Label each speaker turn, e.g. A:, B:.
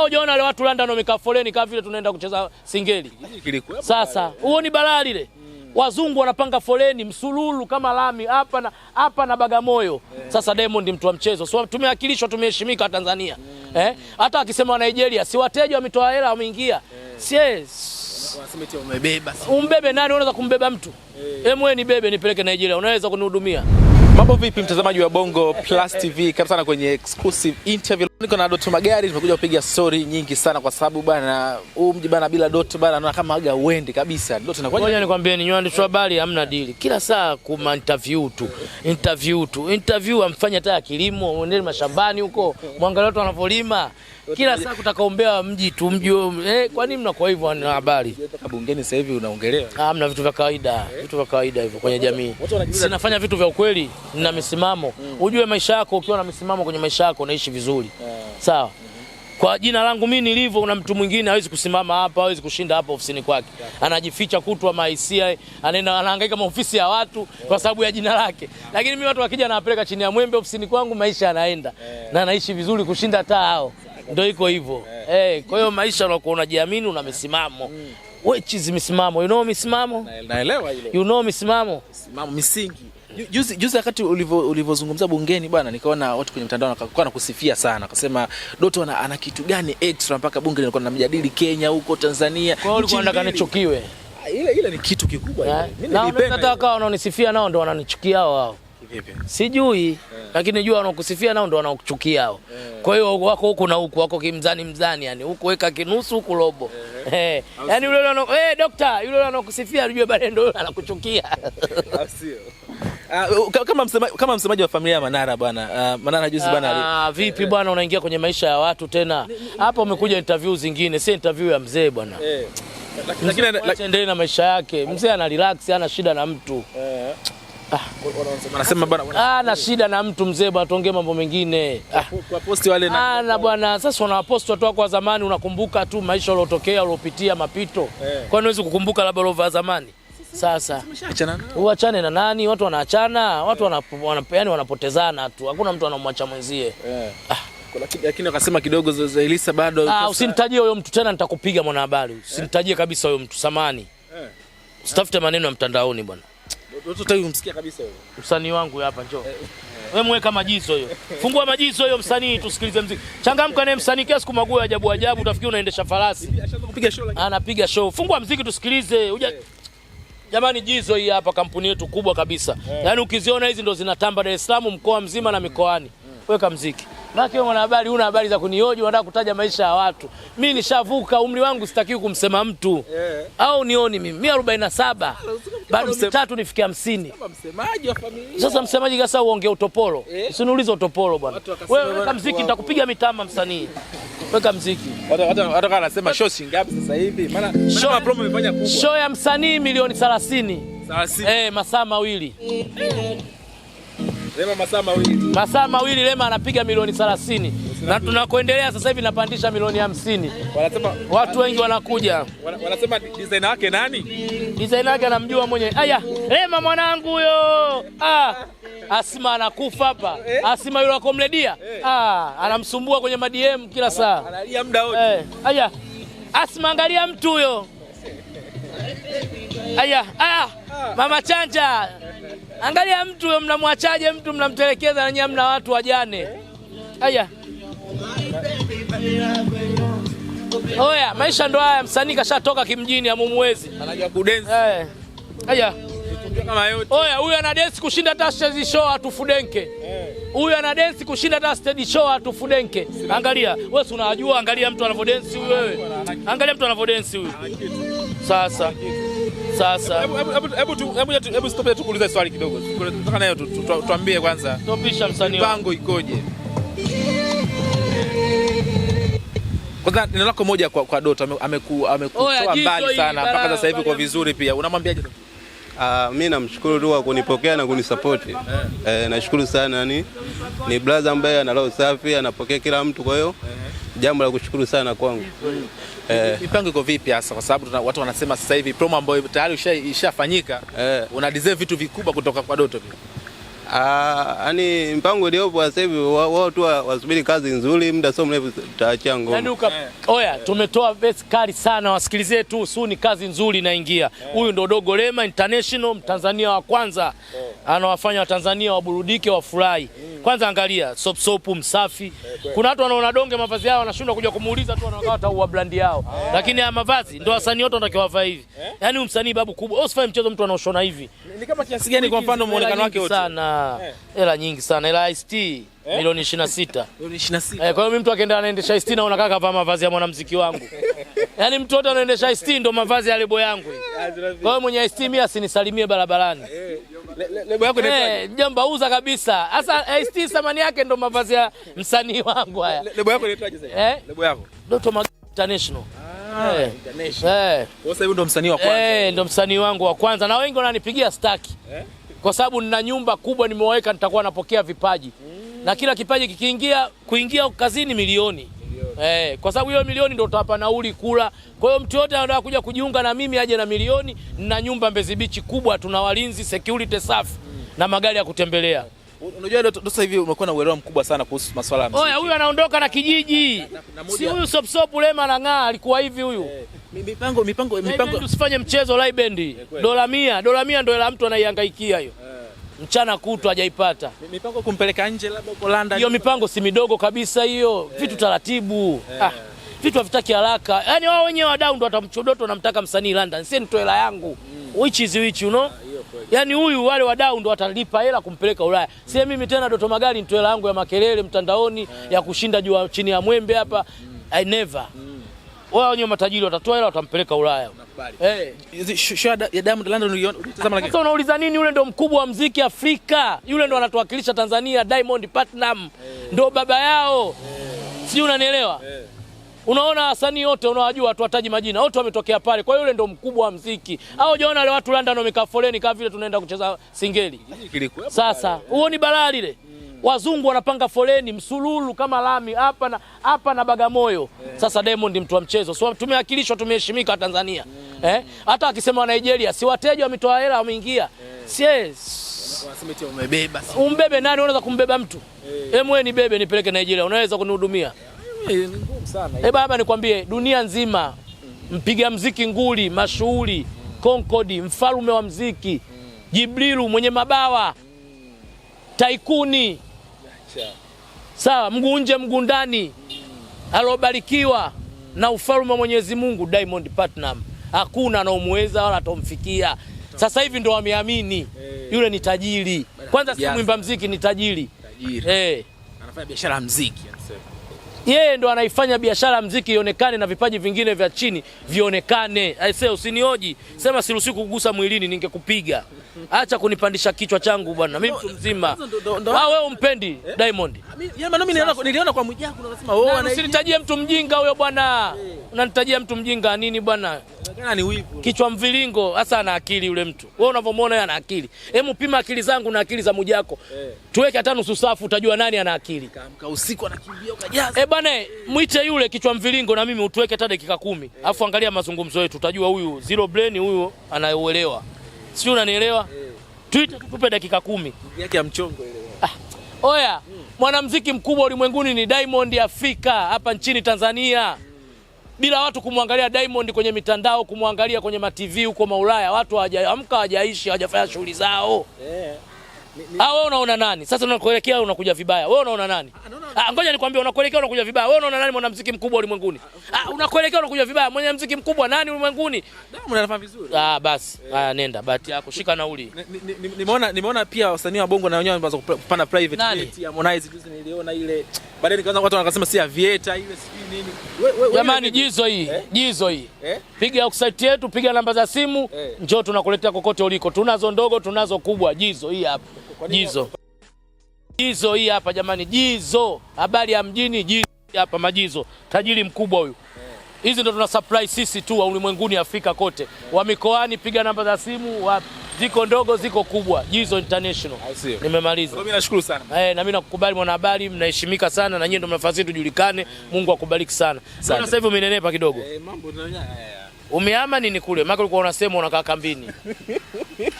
A: au jiona wale watu London wamekaa foleni kama vile tunaenda kucheza singeli. Sasa huo ni balaa lile hmm. wazungu wanapanga foleni msululu kama lami hapa na hapa na Bagamoyo. Eh. Sasa Diamond mtu wa mchezo, so tumeakilishwa tumeheshimika Tanzania mm. eh? hata akisema wa Nigeria si wateja wametoa hela wameingia eh. eh umbebe nani? Unaweza kumbeba mtu eh. Emwe nibebe nipeleke Nigeria, unaweza kunihudumia?
B: Mambo vipi mtazamaji wa Bongo Plus TV, karibu sana kwenye exclusive interview. Niko na Doto Magari, tumekuja kupiga story nyingi sana kwa sababu bwana huu mji bwana bila Doto bwana naona kama aga uende kabisa.
A: Doto na ngoja nikwambie, ni nyandi tu habari, hamna deal. Kila saa kuma interview tu, interview tu, interview amfanya hata kilimo, uende mashambani huko, mwangalie watu wanavyolima. Kila saa kutakaombea mji tu mji. Eh, kwa nini mnakuwa hivyo na habari?
C: Hata Bungeni sasa hivi unaongelea.
A: Ah, mna vitu vya kawaida, vitu vya kawaida hivyo kwenye jamii. Sinafanya vitu vya ukweli, nina misimamo. Mm. Ujue maisha yako, ukiwa na misimamo kwenye maisha yako unaishi vizuri. Eh sawa. Kwa jina langu mimi nilivyo, na mtu mwingine hawezi kusimama hapa, hawezi kushinda hapa ofisini kwake, anajificha kutwa maisia, anaenda anahangaika maofisi ya watu kwa sababu ya jina lake. Lakini mimi watu wakija, nawapeleka chini ya mwembe ofisini kwangu, maisha yanaenda na anaishi vizuri kushinda hata hao. Ndio iko hivyo eh. eh. Kwa hiyo maisha, unakuwa unajiamini, una misimamo hmm. wechi, misimamo, you know misimamo,
C: naelewa hilo,
A: you know misimamo,
C: misimamo, misingi
B: Juzi juzi wakati ulivyozungumza bungeni bwana, nikaona watu kwenye mtandao wakakuwa kusifia sana, akasema Doto ana, ana kitu gani extra mpaka bunge lilikuwa linamjadili Kenya huko Tanzania. Kwa
A: hiyo ulikuwa unataka nichukiwe?
C: Ah, ile ile ni kitu kikubwa, yeah.
A: mimi nilipenda. Nataka wanaonisifia nao ndo wananichukia wao Vipi? Sijui yeah. Lakini jua wanaokusifia nao ndo wanaokuchukia hao. Yeah. Kwa hiyo wako huku na huku wako kimzani mzani, yani huku weka kinusu huku robo. Yeah. Eh. Yaani yule yule eh, dokta yule yule anaokusifia unajua bale ndo anakuchukia. Au
B: Uh, kama msemaji kama msemaji wa familia ya Manara bwana uh, Manara juzi bwana
A: uh, vipi bwana, unaingia kwenye maisha ya watu tena hapa. Umekuja interview zingine, si interview ya mzee bwana eh. Lakini endelee na maisha yake mzee, ana relax, ana shida na mtu eh.
B: Ah. anasema bwana
A: ana shida na mtu mzee bwana, tuongee mambo mengine kwa ah. wale na ana bwana. Sasa unawaposti watu wako wa zamani, unakumbuka tu maisha uliotokea, uliopitia mapito eh. Kwani huwezi kukumbuka labda ulovaa zamani sasa uachane na nani? Watu wanaachana, watu yeah. wanapeana, wanapotezana tu, hakuna mtu anamwacha mwenzie yeah.
B: ah. Lakini akasema kidogo Zailisa bado.
A: Ah, usinitajie huyo mtu tena, nitakupiga mwanahabari. Usinitajie yeah. kabisa huyo mtu samani yeah. Usitafute maneno ya mtandaoni bwana. Msanii wangu hapa njoo. Eh. Wewe mweka majizo hiyo. Fungua majizo hiyo msanii tusikilize mziki. Changamka naye msanii kiasi kumagua ajabu ajabu utafikiri unaendesha farasi. Anapiga show. Fungua mziki tusikilize. Uja yeah. Jamani, jizo hii hapa kampuni yetu kubwa kabisa, eh. yaani ukiziona hizi ndo zinatamba Dar es Salaam mkoa mzima na mikoani. Mm. Weka mziki mwana habari una habari za kunioji, unataka kutaja maisha ya watu. Mimi nishavuka umri wangu, sitakiwi kumsema mtu yeah. Au nioni mimi mimi arobaini na saba ah, bado mitatu nifikie hamsini. Sasa msemaji gasa uongee utopolo yeah. Usiniulize utopolo bwana. Wewe weka mziki, nitakupiga mitama msanii. Weka mziki.
C: Wataka anasema show shilingi sasa hivi? Maana show ya promo imefanya kubwa.
A: Show ya msanii milioni 30. 30. Eh, masaa mawili. Eh, eh.
C: Lema masaa mawili,
A: masaa mawili Lema anapiga milioni 30 na tunakoendelea sasa hivi napandisha milioni 50. Wanasema watu wengi wanakuja,
C: wanasema design yake nani?
A: Design yake anamjua mwenye. Aya, Lema mwanangu huyo. Ah, Asima anakufa hapa. Eh? Asima yule akomledia. Eh. Ah, anamsumbua kwenye madm kila saa,
C: analia muda wote. Eh,
A: aya, Asima angalia mtu huyo. Aya, aya, ah. mama chanja Angalia mtu mnamwachaje, mtu mnamtelekeza, na nyinyi mna watu wajane. Aya. oya, maisha ndo haya. Msanii kashatoka kimjini, amumwezi
C: anajua kudensi.
A: Haya, eh. oya, huyu ana dance kushinda hata stage show atufudenke. Eh. Huyu ana dance kushinda hata stage show atufudenke. Angalia wewe, si unajua, angalia mtu anavyodensi huyu. Wewe angalia mtu anavyodensi huyu. Sasa sasa,
C: hebu stop tu kuuliza swali kidogo, nataka nayo tuambie kwanza,
A: topisha msanii
C: mpango ikoje?
B: Kwanza neno lako moja kwa, kwa dot amekutoa ameku, mbali sana mpaka sasa hivi kwa vizuri, pia unamwambiaje?
D: Uh, mi namshukuru tu kwa kunipokea na kunisapoti yeah. Eh, nashukuru sana ni, ni brother ambaye ana roho safi, anapokea kila mtu, kwa hiyo yeah jambo la kushukuru sana kwangu. Mm.
B: Eh. mipango iko vipi hasa, kwa sababu watu wanasema sasa hivi promo ambayo tayari ishafanyika eh, una deserve vitu vikubwa kutoka kwa Doto.
D: Ah, yani mpango uliopo sasa hivi wao tu wasubiri kazi nzuri, muda sio mrefu tutaachia ngoma. Yaani uka
A: oya, tumetoa best kali sana, wasikilizie tu suni, kazi nzuri inaingia. Eh. Huyu ndo Dogo Lema International, Mtanzania wa kwanza, eh. anawafanya Watanzania waburudike, wafurahi. Mm. Kwanza angalia sop sop msafi. Kuna watu wanaona donge mavazi yao wanashindwa kuja kumuuliza tu wanaona tu wa brand yao. Ah. Lakini haya mavazi ndio wasanii wote wanatakiwa wavae hivi. Eh? Yaani msanii babu kubwa. usifanye mchezo mtu anaoshona hivi.
B: Ni kama kiasi gani kwa mfano muonekano wake wote?
A: Sana. Eh. Hela nyingi sana. Hela Ice eh? milioni 26. Milioni 26. Eh, kwa hiyo mimi mtu akienda anaendesha Ice na naona kavaa mavazi ya mwanamuziki wangu. Yaani mtu wote anaendesha Ice ndio mavazi ya lebo yangu. Kwa hiyo mwenye Ice mimi asinisalimie barabarani
C: lebo yako
A: inaitwaje? Eh, mjomba uza kabisa. Sasa eh, ST thamani yake ndo mavazi ya msanii wangu haya.
C: Lebo yako inaitwaje sasa? Eh? Lebo yako.
A: Doto Mag International.
C: Kwa ah, eh. ndo msanii wa
A: kwanza. ndo wangu wa kwanza na wengi wananipigia staki. Eh? Kwa sababu nina nyumba kubwa nimewaweka nitakuwa napokea vipaji. Mm. Na kila kipaji kikiingia kuingia kazini milioni eh, kwa sababu hiyo milioni ndio tutapa nauli kula. Kwa hiyo mtu yote anataka kuja kujiunga na mimi aje na milioni na nyumba Mbezi Beach kubwa, tuna walinzi, security safi mm. na magari ya kutembelea.
B: Unajua ndio sasa hivi umekuwa na uelewa mkubwa sana kuhusu masuala ya
A: muziki. Oya, huyu anaondoka na kijiji. Si huyu sop sop lema na ng'aa alikuwa hivi huyu. Eh,
B: mipango mipango eh,
A: mipango, tusifanye mchezo live band. Dola 100, dola 100 ndio ila mtu anaihangaikia hiyo. Eh mchana kutu hajaipata
B: mipango kumpeleka nje labda London.
A: Hiyo mipango si midogo kabisa hiyo Yeah. Vitu taratibu Yeah. Ah, vitu havitaki haraka, yaani wao wenyewe wadau ndo watamchodoto, mtaka msanii London, sie nitoe hela yangu mm. which is which you know? Ah, yaani huyu wale wadau ndo watalipa hela kumpeleka Ulaya, hmm. sie mimi tena Doto Magari nitoe hela yangu ya makelele mtandaoni yeah, ya kushinda jua chini ya mwembe hapa mm. I never mm wao wenyewe matajiri watatoa hela watampeleka Ulaya.
B: Hey, eh. show ya Diamond London lakini.
A: Sasa unauliza nini? Yule ndo mkubwa wa mziki Afrika, yule ndo anatuwakilisha Tanzania. Diamond Platinum eh. ndo baba yao eh. Sijui unanielewa Unaona wasanii wote unawajua, tuwataji majina wote wametokea pale. Kwa hiyo yule ndo mkubwa wa mziki mm. Au ujaona wale watu London wamekaa foleni kama vile tunaenda kucheza singeli. Sasa huo ni balaa lile mm wazungu wanapanga foleni msululu kama lami hapa na, hapa na Bagamoyo. Eh. Sasa Diamond mtu wa mchezo, so tumewakilishwa, tumeheshimika Tanzania mm. eh? hata akisema wa Nigeria si wateja wametoa hela wameingia, yeah. Eh, umebeba umbebe nani? Unaweza kumbeba mtu eh. emwe, nibebe nipeleke Nigeria, unaweza kunihudumia? E baba, nikwambie dunia nzima mpiga mziki nguli mashuhuri Konkodi, mfalume wa mziki mm. Jibrilu mwenye mabawa, mm. taikuni Sawa, mguu nje mguu ndani, alobarikiwa na ufalme wa Mwenyezi Mungu Diamond Platinum hakuna anaomweza wala atomfikia. Sasa hivi ndo wameamini eh. yule ni tajiri. Kwanza si mwimba mziki, ni tajiri, tajiri. Hey. Eh.
C: Anafanya biashara ya mziki anasema
A: yeye ndo anaifanya biashara mziki ionekane na vipaji vingine vya chini vionekane. Aisee, usinioji sema siruhusi kugusa mwilini, ningekupiga. Acha kunipandisha kichwa changu bwana, mimi mtu mzima. Ah, wewe umpendi eh? Diamond?
B: Ah, niliona kwa Mwijaku
A: unasema oh, mtu mjinga huyo bwana, eh. unanitajia mtu mjinga nini bwana? kichwa mviringo hasa, ana akili yule mtu. Wewe unavyomwona yeye ana akili. Hebu pima akili zangu na akili za Mujako, eh. tuweke hata nusu safu, utajua nani ana akili.
B: Kaamka usiku anakimbia
A: ukajaza. Eh bwana, mwite yule kichwa mviringo na mimi utuweke hata dakika kumi, eh. Afu angalia mazungumzo yetu, utajua huyu zero brain, huyu anauelewa, sio? Unanielewa? Eh. Tuite tupe dakika kumi
C: yake ya mchongo ile. Ah,
A: oya hmm. mwanamuziki mkubwa ulimwenguni ni Diamond Afrika, hapa nchini Tanzania bila watu kumwangalia Diamond kwenye mitandao, kumwangalia kwenye mativi huko maulaya. Watu hawajaamka, hawajaishi, hawajafanya shughuli zao yeah. Ah, wewe unaona nani? Sasa unakuelekea unakuja vibaya. Wewe unaona nani? Ah, ah ngoja nikwambie unakuelekea unakuja vibaya. Wewe unaona nani mwanamuziki mkubwa ulimwenguni? Ah, ah, unakuelekea unakuja vibaya. Mwenye muziki mkubwa nani ulimwenguni?
C: Diamond anafanya vizuri.
A: Ah, basi. Eh. Haya nenda, bahati yako. Shika nauli.
B: Nimeona nimeona pia wasanii wa Bongo na wenyewe wanaanza kupanda private jet. Harmonize juzi niliona ile. Baadaye nikaanza watu wanakasema si Aviator ile sijui
A: Jamani, jizo hii eh? jizo hii eh? piga website yetu, piga namba za simu eh. Njoo tunakuletea kokote uliko, tunazo ndogo, tunazo kubwa. Jizo hii hapa, jizo jizo hii hapa jamani, jizo habari ya mjini, jizo hapa majizo, tajiri mkubwa huyu eh. hizi eh. ndo tuna supply sisi tu wa ulimwenguni, Afrika kote eh. wa mikoani, piga namba za simu wapi ziko ndogo, ziko kubwa, Jizo International. Ah, Nimemaliza.
B: Mimi nashukuru sana.
A: Eh, na mimi nakukubali mwanahabari, mnaheshimika sana na nyinyi ndio mnafasi yetu julikane. Mm. Mungu akubariki sana. Sasa sasa hivi umenenepa kidogo. Eh, mambo tunanyanya. Umehama nini kule? Maana ulikuwa unasema unakaa kambini.